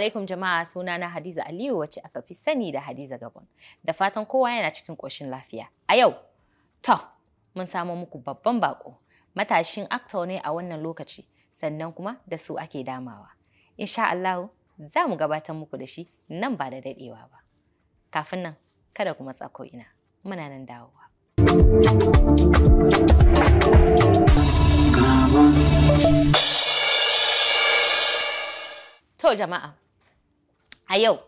alaikum jama'a suna na Hadiza Aliyu wacce aka fi sani da Hadiza Gabon. Da fatan kowa yana cikin ƙoshin lafiya. A yau, to, mun samu muku babban bako. Matashin actor ne a wannan lokaci, sannan kuma da su ake damawa. Insha Allahu, za mu gabatar muku da shi nan ba da daɗewa ba. Kafin nan, kada kuma tsako ina. Muna nan dawowa. To jama'a, A yau,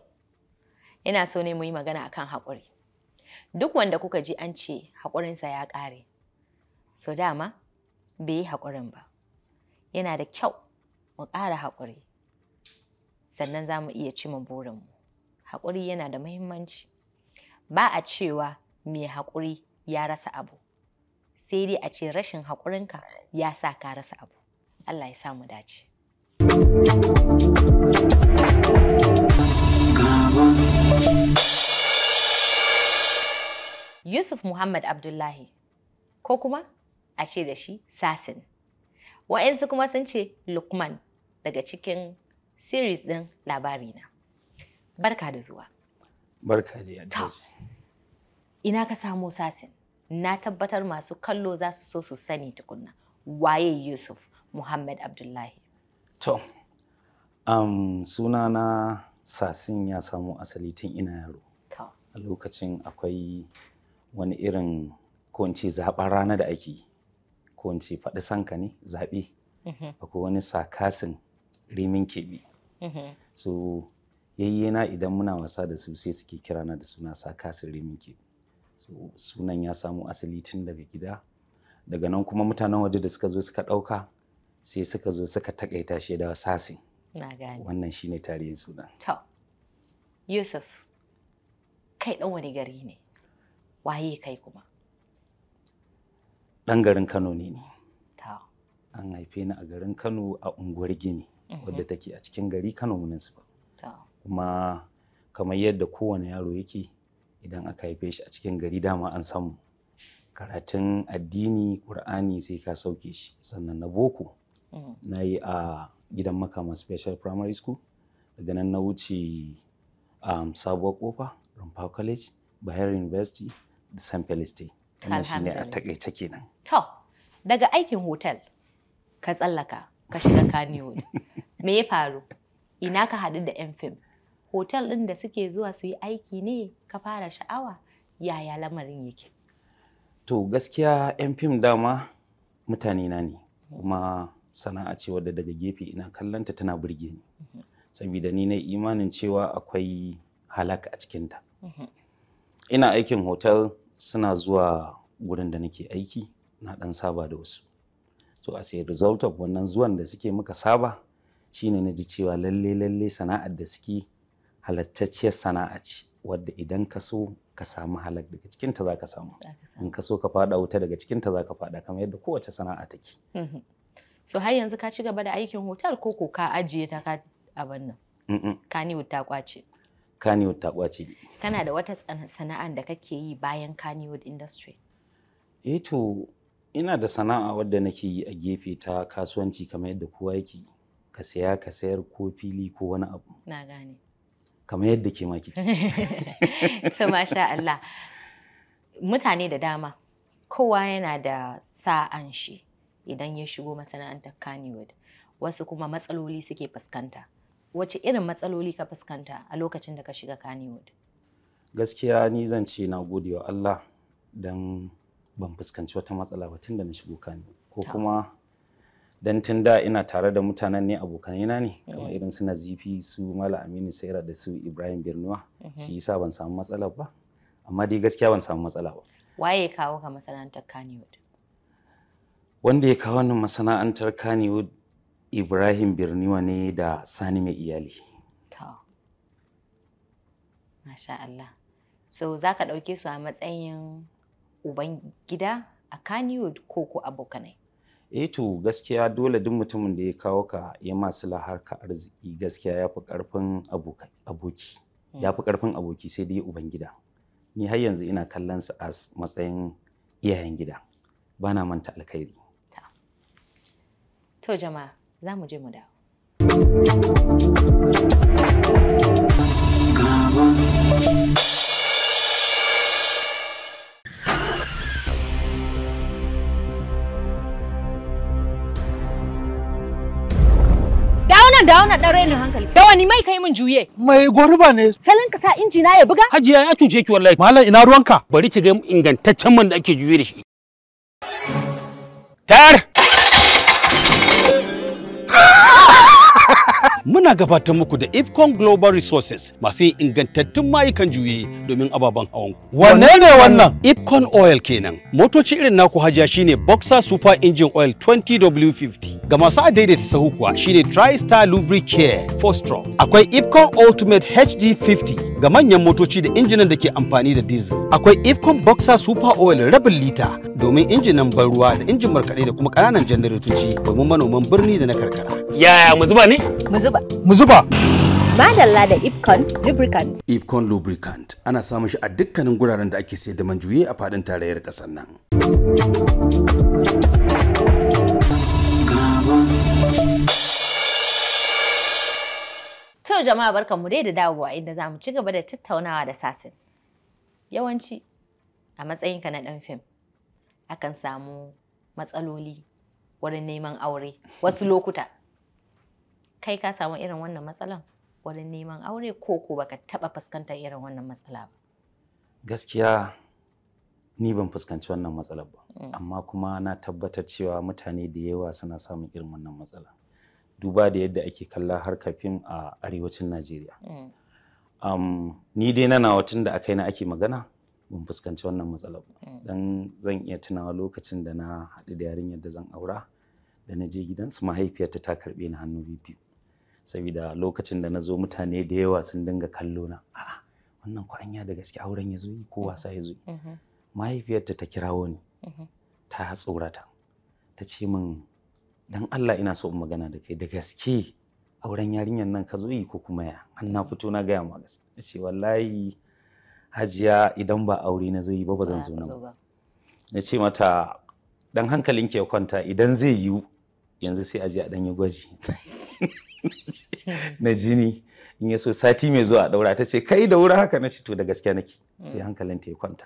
ina so ne mu yi magana a kan haƙuri. Duk wanda kuka ji an ce haƙurinsa ya ƙare, so dama bai yi haƙurin ba. Yana da kyau mu ƙara haƙuri, sannan za mu iya cima burinmu. Haƙuri yana da muhimmanci. Ba a cewa mai haƙuri ya rasa abu, sai dai a ce rashin haƙurinka ya sa ka rasa abu. Allah ya samu dace. Yusuf Muhammad Abdullahi ko kuma a ce da shi Sasin. Wa'yansu kuma sun ce Lukman daga cikin series ɗin labarina. Barka da zuwa. Barka da Ina ka samo Sasin? Na tabbatar masu kallo za su so su sani tukunna. Waye Yusuf Muhammad Abdullahi? To, um, sunana sasin ya samo asali tun ina yaro a lokacin akwai wani irin kowance zaɓar rana da ake ko faɗi sanka ne zaɓe mm-hmm. akwai wani sakasin rimin keɓe mm-hmm. so yayyena idan muna wasa da su sai suke kirana da suna sakasin rimin keɓe so sunan ya samo asali tun daga gida daga nan kuma mutanen waje da suka zo suka ɗauka sai suka zo suka takaita shi da sasin Na gani. Wannan shine tarihin suna. To. Yusuf. Kai dan wani gari ne? Waye kai kuma? Dan garin Kano ne ni. To. An haife ni a garin Kano a unguwar Gini, mhm. wadda take a cikin gari Kano Municipal. To. Kuma kamar yadda kowane yaro yake idan aka haife shi a cikin gari dama an samu karatun addini ƙur'ani sai ka sauke shi sannan na boko mhm. na yi a gidan makama special primary school daga nan na wuce um, sabuwar kofa rumfa college bayero university da san feliste shine a takaice kenan to daga aikin hotel ka tsallaka ka shiga kaniwood me ya faru ina ka hadu da yan fim hotel ɗin da suke zuwa su yi aiki ne ka fara sha'awa yaya lamarin yake to gaskiya yan fim dama mutane na ne kuma sana'a ce wadda daga gefe ina kallanta tana burge ni saboda ni na imanin cewa akwai halaka a cikinta ina aikin hotel suna zuwa gurin da nake aiki na dan saba da wasu so as a result of wannan zuwan da suke muka saba shine na ji cewa lalle lalle sana'ar da suke halattacciyar sana'a ce wadda idan ka so ka samu halak daga cikinta za ka samu in ka so ka fada wuta daga cikinta za ka fada kamar yadda kowace sana'a take mm-hmm. so har yanzu ka ci gaba da aikin hotel ko ko ka ajiye ta ka abin nan kaniwood ta kwace kaniwood ta kwace kana da wata sana'a da kake yi bayan kaniwood industry eh to ina da sana'a wadda nake yi a gefe ta kasuwanci kamar yadda kowa yake ka saya ka sayar ko fili ko wani abu na gane kamar yadda ke ma kike to masha Allah mutane da dama kowa yana da sa'an shi idan ya shigo masana'antar Kannywood. Wasu kuma matsaloli suke fuskanta. Wace irin matsaloli ka fuskanta a lokacin da ka shiga Kannywood? Gaskiya ni zan ce na gode wa Allah don ban fuskanci wata matsala ba tun da na shigo Kannywood. Ko kuma don tun da ina tare da mutanen ne abokanina ne mm-hmm. kamar irin su Nazifi su Mala Aminu Saira da su Ibrahim Birnuwa mm-hmm. shi yasa ban samu matsala ba amma dai gaskiya ban samu matsala ba waye kawo ka masana'antar Kannywood wanda ya kawo wannan masana'antar Kannywood Ibrahim Birniwa ne da Sani mai iyali. Allah. So za ka ɗauke su a matsayin uban gida a Kannywood ko ko abokanai? Eh to gaskiya dole duk mutumin da ya kawo ka ya masu laharka arziki gaskiya ya fi ƙarfin aboki. Ya fi ƙarfin aboki sai dai uban gida. Ni har yanzu ina kallon su a matsayin iyayen gida. Bana manta alkhairi. To jama'a za mu je mu dawo. nan da wannan dan rainin hankali. Da wani mai kai min juye. Mai goruba ne. Salon ka sa injina ya buga? Hajiya ya tuje ki wallahi. Malam ina ruwanka? Bari ki ga ingantaccen man da ake juye da shi. Tayar! muna gabatar muku da Ipcon Global Resources masu yin ingantattun mayukan juye domin ababen hawan ku. Wane ne wannan? Ipcon Oil kenan. Motoci irin naku hajiya shine Boxer Super Engine Oil 20W50. Ga masu adaidaita sahu kuwa shine TriStar Lubricare 4 strong Akwai Ipcon Ultimate HD50 ga manyan motoci da injinan da ke amfani da diesel. Akwai Ifcon Boxer Super Oil rabin lita domin injinan ban ruwa da injin markaɗe da kuma ƙananan janaratoci domin manoman birni da na karkara. Yaya mu zuba ne? Mu zuba. Mu zuba. Madalla da Ipcon Lubricant. Ipcon Lubricant ana samun shi a dukkanin guraren da ake sayar da man juye a fadin tarayyar ƙasar nan. To jama'a mu dai da dawowa inda za mu ci gaba da tattaunawa da sasin. Yawanci a matsayinka na ɗan fim akan samu matsaloli wurin neman aure wasu lokuta. kai ka samu irin wannan matsalan wurin neman aure ko ko baka taba fuskantar irin wannan matsala ba gaskiya ni ban fuskanci wannan matsalar ba mm. amma kuma na tabbatar cewa mutane da yawa suna samun irin wannan matsala duba da yadda ake kalla har kafin a arewacin najeriya mm. ni dai na nawatun da aka yi na ake magana ban fuskanci wannan matsala ba mm. dan zan iya tunawa lokacin da na haɗu da yarinyar da zan aura da na je gidansu mahaifiyarta ta karɓe ni hannu biyu saboda lokacin da na zo mutane da yawa sun dinga kallo na a'a wannan ko anya da gaske auren ya zo ko wasa ya zo mm-hmm. mahaifiyarta ta kirawo ni mm-hmm. ta tsorata ta ce min dan Allah ina so in magana da kai da gaske auren yarinyar nan ka zo yi ko kuma ya an na fito na gaya ma gaske ta ce wallahi hajiya idan ba aure na zo yi ba ba zan zo nan ba na ce mata dan hankalin ke kwanta idan zai yiwu yanzu sai a je dan yi gwaji na jini in ya so sati mai zuwa daura ta ce kai da wuri haka na ce to da gaskiya nake sai mm. hankalin ta ya kwanta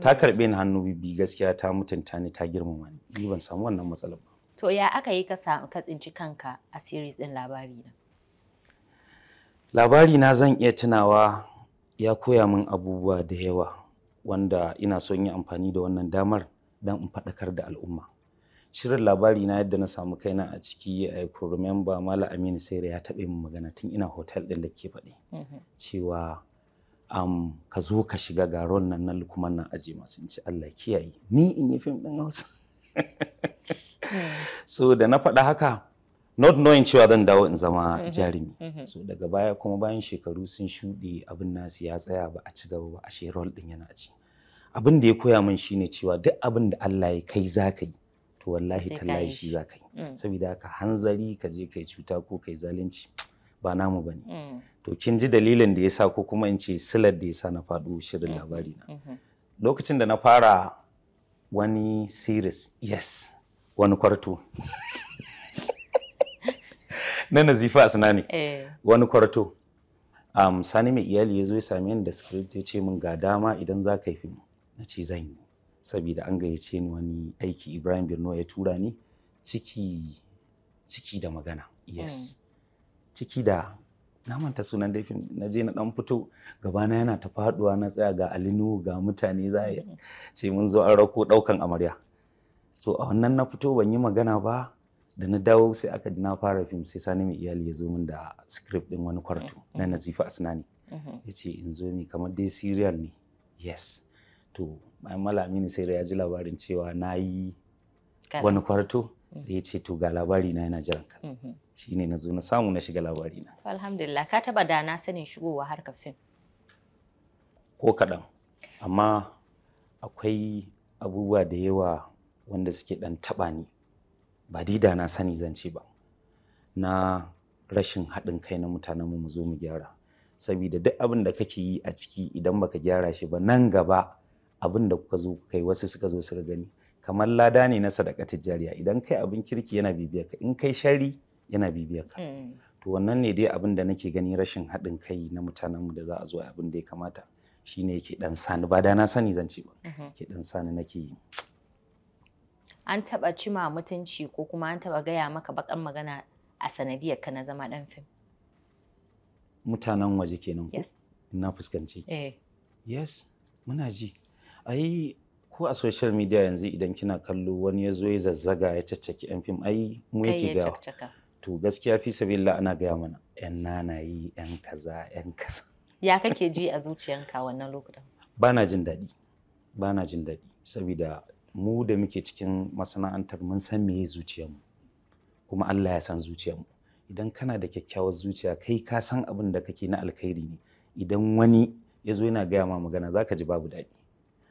ta karbe ni hannu bibi gaskiya ta mutunta ni ta girmama ni ni ban samu wannan matsalar ba to ya aka yi ka ka tsinci kanka a series din labari na labari na zan iya tunawa ya koya min abubuwa da yawa wanda ina son yi amfani da wannan damar dan in faɗakar da al'umma shirin labari na yadda na samu kaina a ciki a ku remember mala aminu sere ya taɓa min magana tun ina hotel ɗin da ke faɗi mhm. cewa um, ka zo ka shiga garon nan na lukuman nan aje masu ci allah kiyaye ni in yi fim ɗin hausa hmm. so da na faɗa haka not knowing cewa zan dawo in zama mhm. jarumi mhm. so daga baya kuma bayan shekaru sun shuɗe abin nasu ya tsaya ba a ci gaba ba a rol ɗin yana ci abin da ya koya min shine cewa duk abin da allah ya kai za ka yi to wallahi tallahi shi za ka yi mm. saboda haka hanzari ka je kai cuta ko kai zalunci ba namu bane mm. to kin ji dalilin da yasa ko kuma in ce silar da yasa na faɗo shirin mm-hmm. labari na mm-hmm. lokacin da na fara wani series yes wani kwarto na nazifa asna eh. wani kwarto um, sani mai iyali ya zo ya same ni da script ya ce min ga dama idan za ka yi fim na ce zan yi saboda an gayyace ni wani aiki Ibrahim Birno ya tura ni ciki ciki da magana yes mm. ciki da na manta sunan daifin na je na dan fito gabana yana ta faduwa na tsaya ga alinu ga mutane za a mm. ce mun zo an rako daukan amarya so a wannan na fito ban yi magana ba da na dawo sai aka ji na fara fim sai sani mai iyali ya zo min da script din wani kwarto mm, na nazifa asnani mm-hmm. ya ce in zo ni kamar dai serial ne yes to bayan malami sai ya ji labarin cewa na yi wani kwarto mm. sai ya ce to ga labari na yana jiran ka mm-hmm. ne na zo na samu na shiga labari na alhamdulillah ka taba da na sanin shigowa harkar fim ko kaɗan amma akwai abubuwa da yawa wanda suke ɗan taɓa ni ba da na sani zance ba na rashin haɗin kai na mutanenmu mu zo mu gyara saboda duk abin da kake yi a ciki idan baka gyara shi ba nan gaba abin da kuka zo kai wasu suka zo suka gani kamar lada ne na sadaka tijjariya idan kai abin kirki yana bibiyar ka in kai shari yana bibiyar ka mm. to wannan ne dai abin da nake gani rashin haɗin kai na mutanenmu da za a zo abin da ya kamata shine yake dan sani ba da na sani zan ce ba mm-hmm. ke dan sani nake yi an taba cima mutunci ko kuma an taba gaya maka bakan magana a sanadiyar ka na zama dan fim mutanen waje kenan yes na fuskance eh. yes muna ji ai ko a social media yanzu idan kina kallo wani ya zo ya zazzaga ya caccaki yan fim ai mu yake ga to gaskiya fi sabilla ana gaya mana yan yi yan kaza yan kaza ya kake ji a zuciyanka wannan lokutan na jin daɗi na jin daɗi saboda mu da muke cikin masana'antar mun san meye zuciyarmu kuma Allah ya san mu. idan kana da kyakkyawar zuciya kai ka san abin da kake na alkhairi ne idan wani ya zo yana gaya ma magana zaka ji babu daɗi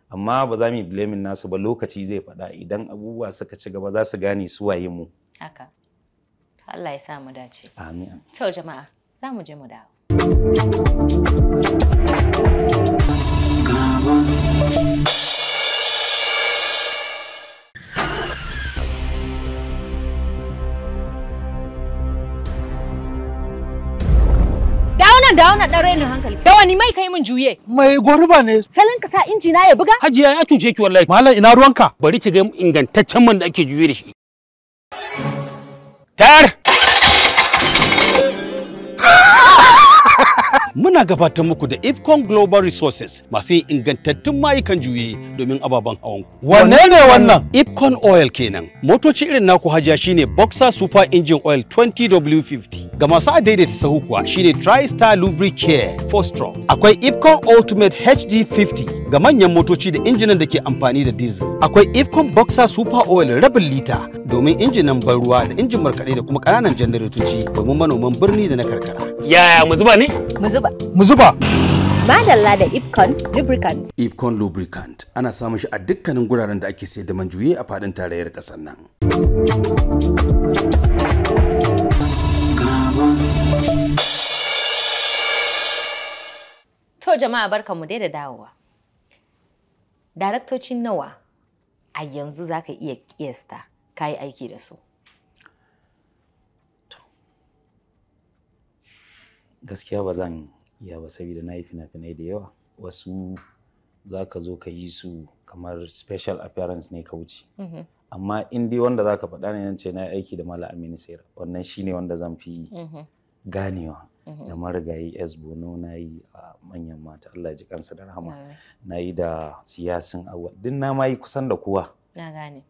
amma ba za mu yi blaming nasu ba lokaci zai faɗa idan abubuwa suka ci gaba za su gane su waye mu haka Allah ya sa mu dace amin to jama'a za mu je mu dawo dawo na dan rainin hankali. Da wani mai kai min juye. Mai goruba ne. Salon ka sa inji ya buga? Hajiya ya tuce ki wallahi. Malam ina ruwanka? Bari ki ga ingantaccen man da ake juye da shi. Tayar! muna gabatar muku da Ipcon Global Resources masu yin ingantattun mayukan juye domin ababen hawan ku. Wanne ne wannan? Ipcon Oil kenan. Motoci irin naku hajiya shine Boxer Super Engine Oil 20W50. Ga masu adaidaita sahu kuwa shine TriStar Lubricare 4 Stroke. Akwai Ipcon Ultimate HD 50 ga manyan motoci da injinan da ke amfani da diesel. Akwai Ifcon Boxer Super Oil rabin lita domin injinan ban ruwa da injin markaɗe da kuma ƙananan janaratoci domin manoman birni da na karkara. Yaya mu zuba ne? Mu zuba. Mu zuba. Madalla da Ipcon Lubricant. Ipcon Lubricant ana samun shi a dukkanin guraren da ake sayar da man juye a fadin tarayyar ƙasar nan. To jama'a barkanmu dai da dawowa. Daraktoci nawa a yanzu za ka iya kiyasta ka yi aiki da su gaskiya ba zan iya ba saboda na yi fina-finai da yawa wasu za ka zo ka yi su kamar special appearance ne ka wuce mm-hmm. amma in dai wanda za ka faɗa ne ce na aiki da mala aminu sayar wannan shine wanda zan fi mm-hmm. ganewa da mm-hmm. marigayi s bono na yi a manyan mata allah ji kansa da rahama na yi da siyasin awa duk na ma yi kusan da kowa na gane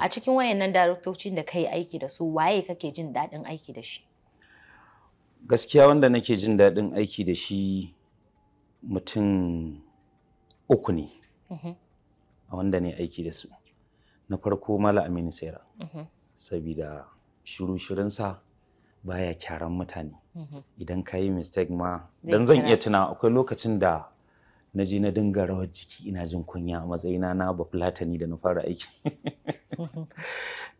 a cikin wayannan daraktocin da kai aiki da su waye kake jin daɗin aiki da shi gaskiya wanda nake jin daɗin aiki da shi mutum uku ne mm-hmm. a wanda ne aiki da su na farko mala amini sera mm-hmm. sabida shiru shirinsa baya kyaran mutane mhm. idan ka yi mistake ma dan zan iya tuna akwai lokacin da na je na dinga rawar jiki ina jin kunya a matsayina na ba fulatani da na fara aiki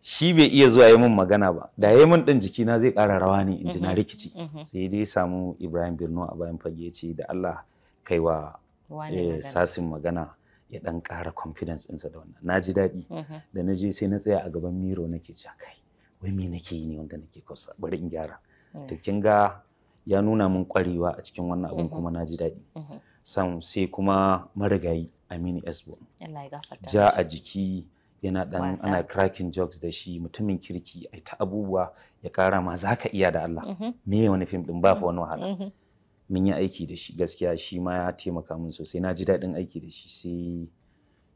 shi bai iya zuwa yi min magana ba da ya min din jikina zai ƙara rawa ne in ji na mhm. rikici mhm. sai dai samu ibrahim Birnu a bayan fage ce da allah kai wa eh, sasin magana ya ɗan ƙara confidence ɗinsa da wannan na ji daɗi da na je sai na tsaya a gaban miro nake ke kai wai me nake yi ne wanda nake kwasa bari in gyara to kin ga ya nuna min kwarewa a cikin wannan abun kuma mm-hmm. na ji daɗi mm-hmm. San sai kuma marigayi Aminu Esbo ja a jiki yana dan ana cracking jokes da shi mutumin kirki ai ta abubuwa ya kara ma za ka iya da Allah mm-hmm. me wani fim din ba fa wani wahala mun yi aiki da shi gaskiya shi ma ya taimaka min sosai na ji daɗin aiki da shi sai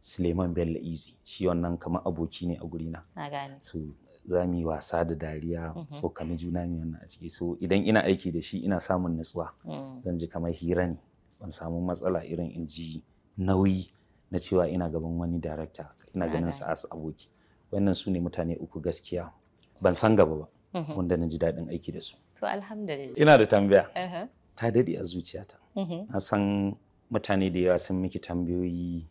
Suleiman Bello Easy shi wannan kamar aboki ne a guri Na gane. za mu yi wasa da dariya mhm. tsokani juna mu a ciki so idan ina aiki da shi ina samun nutsuwa. Mm. zan ji kamar hira ne ban samu matsala irin in ji nauyi na cewa ina gaban wani darakta ina ganin sa as aboki wannan su ne mutane uku gaskiya ban san gaba ba mhm. wanda na ji daɗin aiki da su to alhamdulillah ina da tambaya uh-huh. ta daɗe a zuciyata mhm. na san mutane da yawa sun miki tambayoyi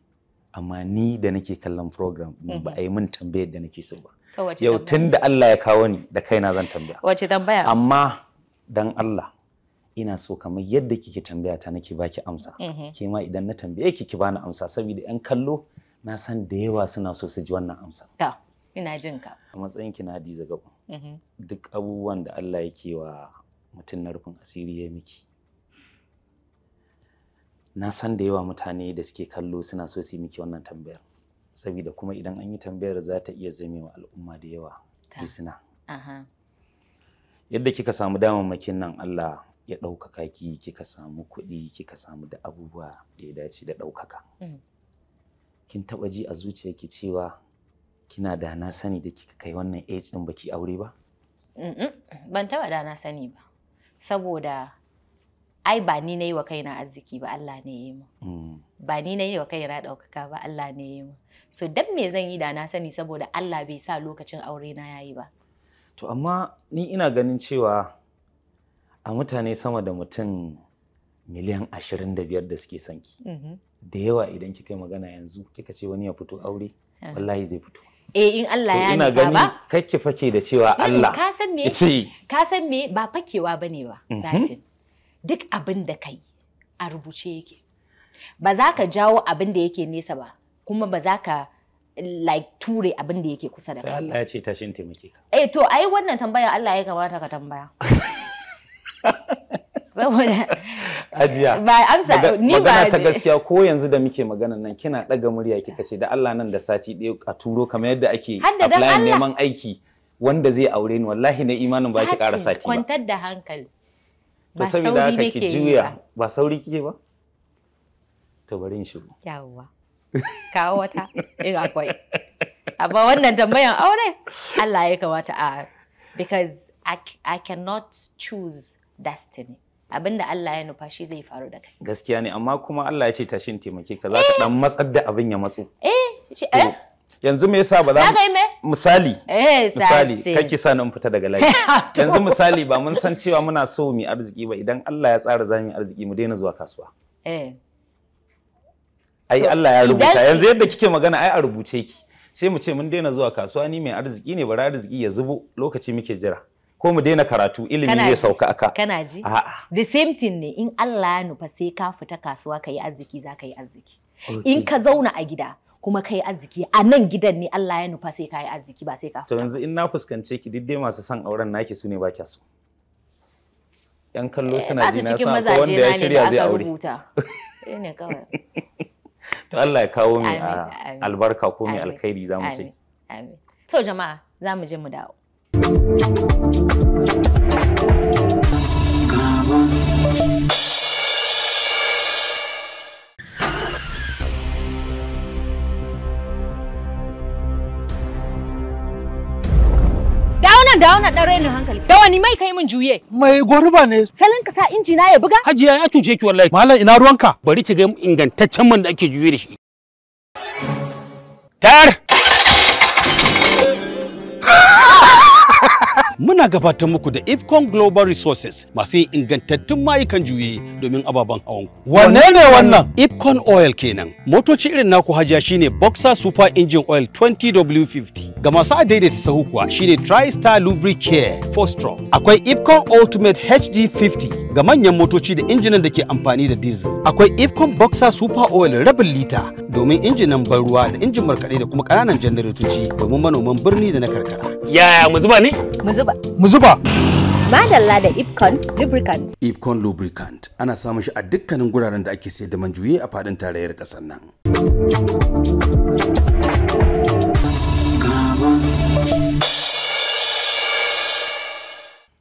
amma ni da nake kallon program ba a yi min tambayar da nake so ba yau tun da Allah ya kawo ni da kaina zan tambaya wace tambaya amma dan Allah ina so kamar yadda kike tambaya ta nake baki amsa mm-hmm. ke ma idan na tambaye ki ki bani amsa saboda yan kallo na san da yawa suna so su ji wannan amsa ta ina jin ka a matsayin ki na Hadiza Gabo mm-hmm. duk abubuwan da Allah yake wa mutum na rufin asiri ya miki na san da yawa mutane da suke kallo suna so su yi miki wannan tambayar saboda kuma idan an yi tambayar za ta iya zame wa al'umma da yawa isna yadda kika samu damammakin nan Allah ya ɗaukaka ki kika samu kuɗi kika samu da abubuwa da ya dace da ɗaukaka mm. kin taɓa ji a zuciyarki cewa kina da na sani da kika kai wannan age ɗin baki aure ba ban taɓa da na sani ba saboda ai ba ni na yi wa kaina arziki ba Allah ne ya yi mu mm. ba ni na yi wa kaina ɗaukaka ba Allah ne ya yi mu so dan me zan yi da na sani saboda Allah bai sa lokacin aure na yayi ba to amma ni ina ganin cewa a mutane sama da mutum miliyan ashirin da biyar da suke son ki mm-hmm. da yawa idan kika yi magana yanzu kika ce wani ya fito aure ah. wallahi zai fito eh in Allah ya ba gani kake fake da cewa Allah ka san me ka san me ba fakewa bane ba mm-hmm. sasin duk abin da ka yi a rubuce yake ba za ka jawo abin da yake nesa ba kuma ba za ka like ture abin da yake kusa da kai Allah ya ce tashin taimake ka eh to ai wannan tambaya Allah ya kamata ka tambaya saboda ajiya ba amsa ni ba ta gaskiya ko yanzu da muke magana nan kina daga murya kika ce da Allah nan da sati ɗaya a turo kamar yadda ake apply neman aiki wanda zai aure ni wallahi na imanin ba ki ƙara sati ba kwantar da hankali to saboda haka ki juya ba sauri kike ba to bari in shigo yawa kawo wata in akwai amma wannan tambayan aure Allah ya kamata a because I, cannot choose destiny abinda Allah ya nufa shi zai faru da kai gaskiya ne amma kuma Allah ya ce tashin taimake ka za ka dan eh! matsar da abin ya matso eh yanzu me yasa ba za mu misali eh, misali ki sa nan fita daga laifi. yanzu misali ba mun san cewa muna so mu arziki ba idan Allah ya tsara za mu arziki mu daina zuwa kasuwa eh ai Allah ya rubuta yanzu yadda kike magana ai a rubuce ki sai mu ce mun daina zuwa kasuwa ni mai arziki ne bari arziki ya zubo lokaci muke jira ko mu daina karatu ilimi zai sauka aka kana ji the same thing ne in Allah ya nufa sai ka fita kasuwa ka yi arziki za ka yi arziki in ka zauna a gida kuma kai arziki a nan gidan ne Allah ya nufa sai kai arziki ba sai ka to yanzu in na fuskance ki duk masu son auren naki su ne ba kya so yan kallo eh, suna ji na sa wanda ya shirya zai aure ne kawai to Allah ya kawo mu ah, albarka ko mai alkhairi zamu ce amin to jama'a zamu je mu dawo nan da wannan dan rainin hankali. Da wani mai kai min juye. Mai gurba ne. Salon ka sa inji ya buga? Hajiya ya tuje ki wallahi. Malam ina ruwanka? Bari ki ga ingantaccen man da ake juye da shi. Tayar! muna gabatar muku da ipcom Global Resources masu yin ingantattun mayukan juye domin ababen hawan ku. Wanne ne wannan? ipcom Oil kenan. Motoci irin naku hajiya shine Boxer Super Engine Oil 20W50. Ga masu adaidaita sahu kuwa shine TriStar Lubricare 4 Akwai ipcom Ultimate HD50 ga manyan motoci da injinan da ke amfani da diesel. Akwai Ifcon Boxer Super Oil rabin lita domin injinan ban ruwa da injin markaɗe da kuma ƙananan janaratoci domin manoman birni da na karkara. Yaya mu zuba ne? Mu zuba. zuba. Mu zuba. Madalla da Ipcon Lubricant. Ipcon Lubricant ana samun shi a dukkanin guraren da ake sayar da man juye a fadin tarayyar ƙasar nan.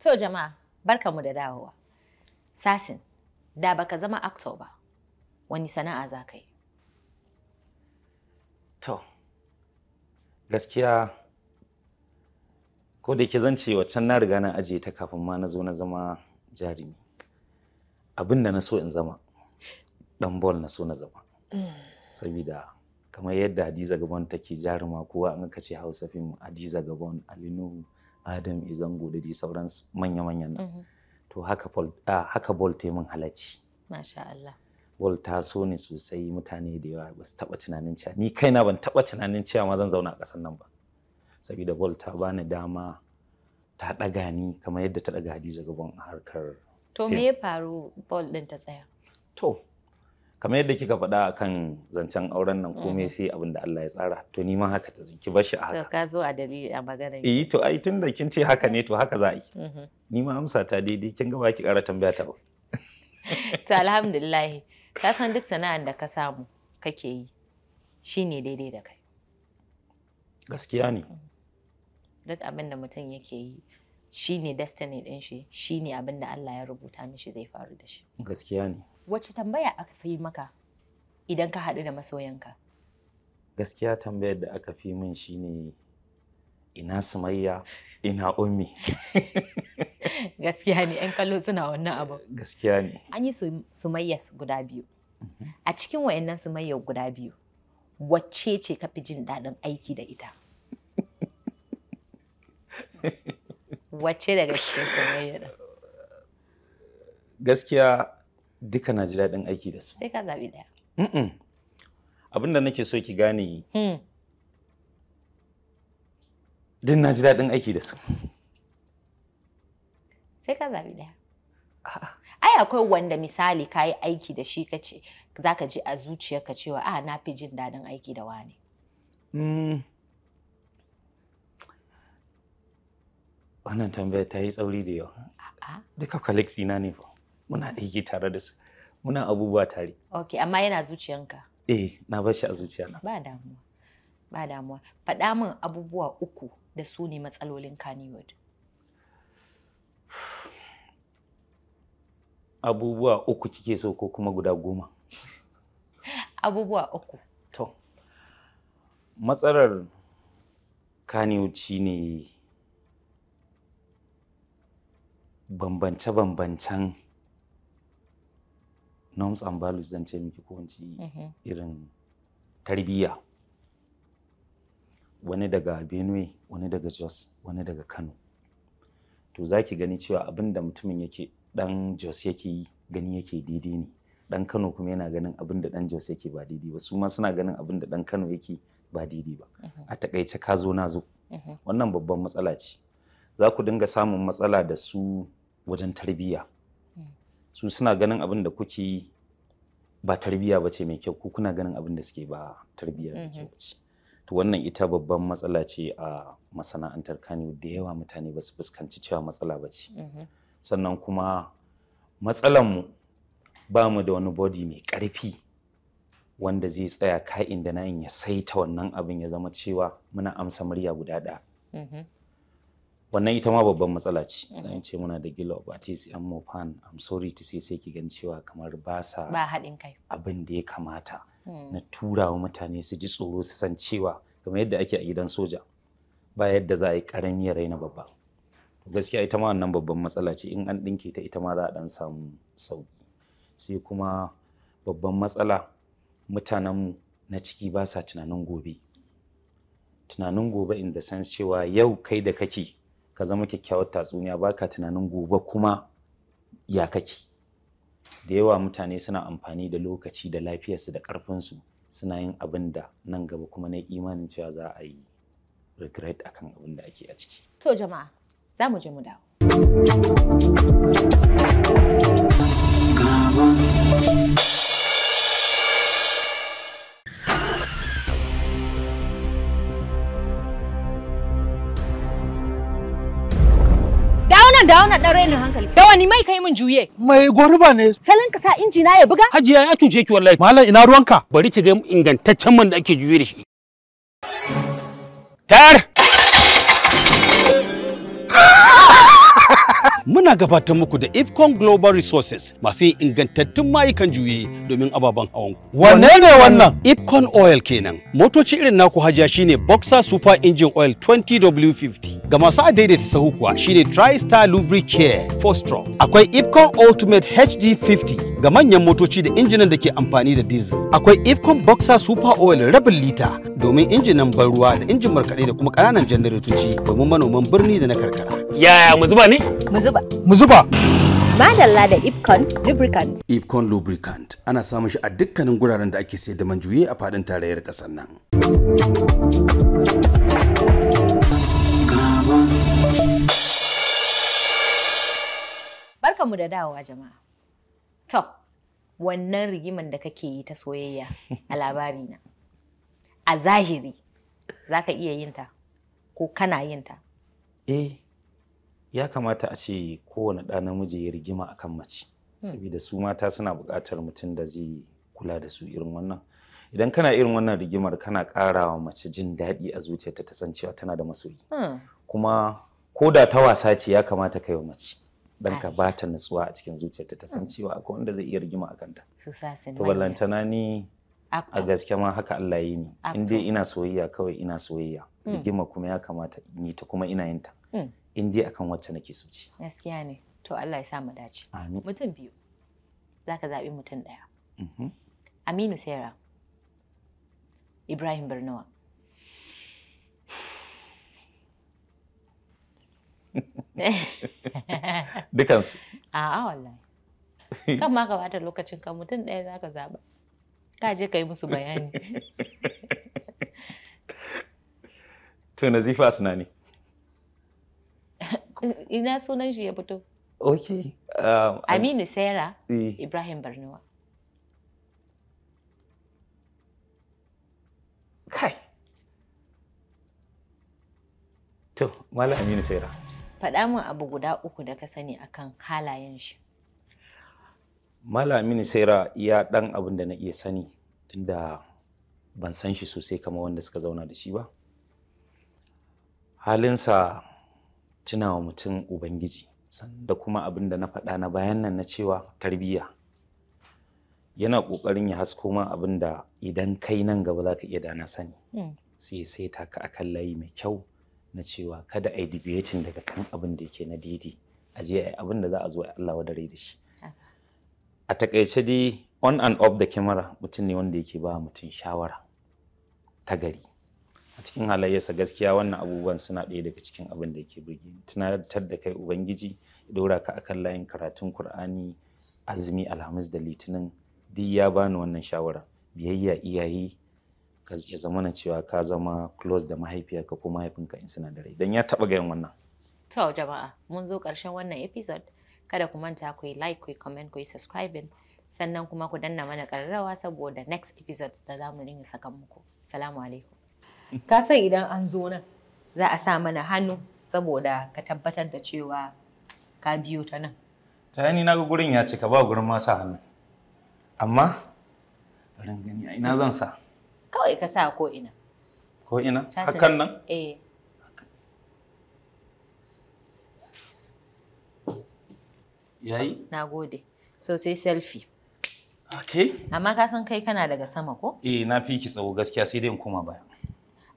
To jama'a, barka mu da dawowa. Sasin, da baka zama aktor ba, wani sana'a za ka yi? To, gaskiya ko da yake zan ce waccan na riga na ajiye ta kafin ma na zo na zama jarumi abin da na so in zama dan bol na so na zama saboda kamar yadda hadiza gabon take jaruma kowa an ka ce hausa fim hadiza gabon alinu adam izango da di sauran manya-manyan nan mhm. to haka bol ta min halacci masha Allah bol ta so ne sosai mutane da yawa ba su taba tunanin cewa ni kaina ban taɓa tunanin cewa ma zan zauna a ƙasar nan ba saboda ball ta bani dama ta ɗaga ni kamar yadda ta ɗaga hadiza gaban harkar to me ya faru ball ɗin ta tsaya to kamar yadda kika faɗa akan zancen auren nan komai mm-hmm. sai abin da Allah ya tsara to ni ma haka ta ki bar shi a haka to ka zo a dalili a magana eh to ai tun da kin ce haka ne to haka za a yi mm-hmm. ni ma amsa ta daidai kin ga ba ki ƙara tambaya ta ba to alhamdulillah ka san duk sana'an da ka samu kake yi shine daidai da kai gaskiya ne mm-hmm. duk abin da mutum yake yi shi ne destiny din shi shi ne abin da Allah ya rubuta mishi zai faru da shi gaskiya ne wacce tambaya aka fi maka idan ka haɗu da masoyanka gaskiya tambayar da aka fi min shi ne, ina sumayya ina ummi gaskiya ne yan kallo suna wannan abu gaskiya ne an yi sumayya guda biyu mhm. a cikin wayannan sumayya guda biyu wacce ce ka fi jin daɗin aiki da ita wacce da gaske soyayyar gaskiya duka na ji daɗin aiki da su sai ka zaɓi ɗaya abin da nake so ki gane hmm. din na ji daɗin aiki da su sai ka zaɓi ɗaya ai akwai wanda misali ka yi aiki da shi kace za ka ji a zuciyarka cewa a ah, na fi jin daɗin aiki da wani hmm. Wannan tambaya ta yi tsauri da yawa. Duka colleagues ina ne fa. Muna aiki tare da su. Muna abubuwa tare. Ok, amma yana zuciyanka. Eh, na bar shi a na. Ba damuwa. Ba damuwa. Faɗa min abubuwa uku da su ne matsalolin Kannywood. Abubuwa uku kike so ko kuma guda goma? Abubuwa uku. To, matsalar Kannywood shi ne bambance-bambancen norms and values zan ce miki ko mhm. irin tarbiyya wani daga benue wani daga jos wani daga kano to za ki gani cewa abin mutumin yake dan jos yake yi gani yake daidai ne dan kano kuma yana ganin abin da dan jos yake ba daidai ba su ma suna ganin abinda da dan kano yake ba daidai ba mhm. a takaice ka zo na zo mhm. wannan babban matsala ce za ku dinga samun matsala da su wajen tarbiyya hmm. su suna ganin abin da kuke yi ba tarbiyya ba ce mai kyau ko kuna ganin abin da suke ba tarbiyya mai kyau mm-hmm. ce to wannan ita babban matsala ce a masana'antar kano da yawa mutane ba su fuskanci cewa matsala ba ce mm-hmm. sannan kuma mu ba mu da wani body mai ƙarfi wanda zai tsaya ka'in da yin ya saita wannan abin ya zama cewa muna amsa murya guda ɗaya mm-hmm. wannan ita ma babban matsala ce mm-hmm. na ce muna da gila of artists yan mofan i'm sorry to say sai ki gan cewa kamar ba sa ba haɗin kai abin da ya kamata hmm. na turawa mutane su ji tsoro su san cewa kamar yadda ake a gidan soja ba yadda za a yi karami ya raina babba gaskiya ita ma wannan babban matsala ce in an ɗinke ta ita ma za a ɗan samu sauki sai kuma babban matsala mutanenmu na ciki ba sa tunanin gobe tunanin gobe in the sense cewa yau kai da kake ka zama kyakkyawar tatsuniya baka tunanin gobe kuma ya kake da yawa mutane suna amfani da lokaci da lafiyarsu da ƙarfinsu suna yin abin da nan gaba kuma na imanin cewa za a yi regret akan abin da ake a ciki to jama'a za mu je mu dawo dan rainin hankali. Da wani mai kai min juye. Mai goruba ne. Salon ka sa inji na ya buga? Hajiya ya cuce ki wallahi. Malam ina ruwanka? Bari ki ga ingantaccen man da ake juye da shi. Tayar! muna gabatar muku da Ipcon Global Resources masu yin ingantattun mayukan juye domin ababen hawan ku. Wanne ne wannan? Ipcon Oil kenan. Motoci irin naku hajiya shine Boxer Super Engine Oil 20W50. Ga masu adaidaita sahu kuwa shine TriStar Lubricare fostro strong Akwai Ipcon Ultimate HD50 ga manyan motoci da injinan da ke amfani da diesel. Akwai Ipcon Boxer Super Oil rabin lita domin injinan ban ruwa da injin markaɗe da kuma ƙananan janaratoci domin manoman birni da na karkara. Yaya mu zuba ne? Mu zuba. Mu zuba. Madalla da Ipcon Lubricant. Ipcon Lubricant ana samun shi a dukkanin guraren da ake sayar da man juye a fadin tarayyar ƙasar nan. Barkanmu da dawowa jama'a. To, wannan rigiman da kake yi ta soyayya a labari na. A zahiri, za ka iya yin ta ko kana yin ta. Eh. ya kamata a ce kowane ɗa namiji ya rigima a kan mace hmm. saboda su mata suna buƙatar mutum da zai kula da su irin wannan idan kana irin wannan rigimar kana ƙara wa mace jin daɗi a zuciyarta ta san cewa tana da masoyi hmm. kuma ko da ta wasa ce ya kamata kai wa mace dan ka ba ta nutsuwa a cikin zuciyarta ta san hmm. cewa akwai wanda zai iya rigima a kanta to ballantana ni a gaske ma haka Allah yi ni in dai ina soyayya kawai ina soyayya rigima kuma ya kamata in ta kuma ina yin ta in dai akan wacce nake so ci. gaskiya ne to Allah ya sa mu dace amin mutum biyu zaka zabi mutum daya mhm. Aminu Sera Ibrahim Barnawa dukansu a'a wallahi kan ma ka bata lokacin ka mutum ɗaya za ka zaɓa ka je ka yi musu bayani to nazifa sunani ina sunan shi ya fito ok um, aminu sera eh. ibrahim barnuwa kai to mala aminu sera faɗa min abu guda uku da ka sani akan halayen shi mala aminu sera ya ɗan abin da na iya sani tunda ban san shi sosai kamar wanda suka zauna da shi ba halinsa tunawa mutum ubangiji da kuma abin da na faɗa na bayan nan na cewa tarbiyya yana ƙoƙarin ya hasko ma abin da idan kai nan gaba za ka iya dana sani hmm. sai sai ta ka akan layi mai kyau na cewa kada a yi daga kan abin da yake na didi a je a yi abin da za a zo a Allah wadare da shi a takaice dai on and off the camera mutum ne wanda yake ba mutum shawara ta gari a cikin halayyarsa gaskiya wannan abubuwan suna ɗaya daga cikin abin da ke burge tunatar da kai ubangiji ya ɗora ka kan layin karatun kur'ani azumi alhamis da litinin duk ya bani wannan shawara biyayya iyaye ka ya zama na cewa ka zama close da mahaifiyarka ko mahaifinka in suna da rai don ya taɓa gayan wannan to jama'a mun zo ƙarshen wannan episode kada ku manta ku yi like ku yi comment ku yi subscribing sannan kuma ku danna mana ƙararrawa saboda next episodes da za mu dinga sakan muku salamu alaikum ka san idan an zo nan za a sa mana hannu saboda ka tabbatar da cewa ka biyo ta nan ta ni na ga gurin ya ka ba gurin ma sa hannu amma ran gani ina zan sa kawai ka sa ko ina ko ina hakan nan eh yayi nagode so sai selfie Okay. Ah, amma ka san kai kana daga sama ko? Eh, na fi ki tsawo gaskiya sai dai in koma baya.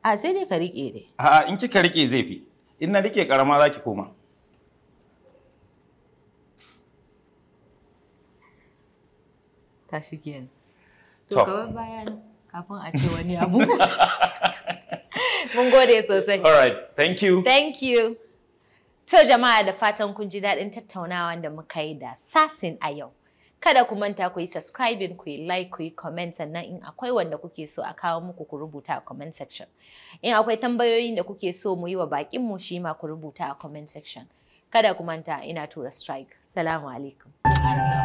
A sai dai ka rike dai. A'a in kika rike zai fi. In na rike karama za ki koma. Tashi kenan. To kawai bayan kafin a ce wani abu. Mun gode sosai. All right, thank you. Thank you. To jama'a da fatan kun ji daɗin tattaunawa da muka yi da sasin a yau. Kada ku manta ku yi subscribing, ku yi like, ku yi comment sannan in akwai wanda kuke so a kawo muku ku rubuta a comment section. In akwai tambayoyin da kuke so mu yi wa bakin mu shi ma ku rubuta a comment section. Kada ku manta ina tura strike. Salamu alaikum.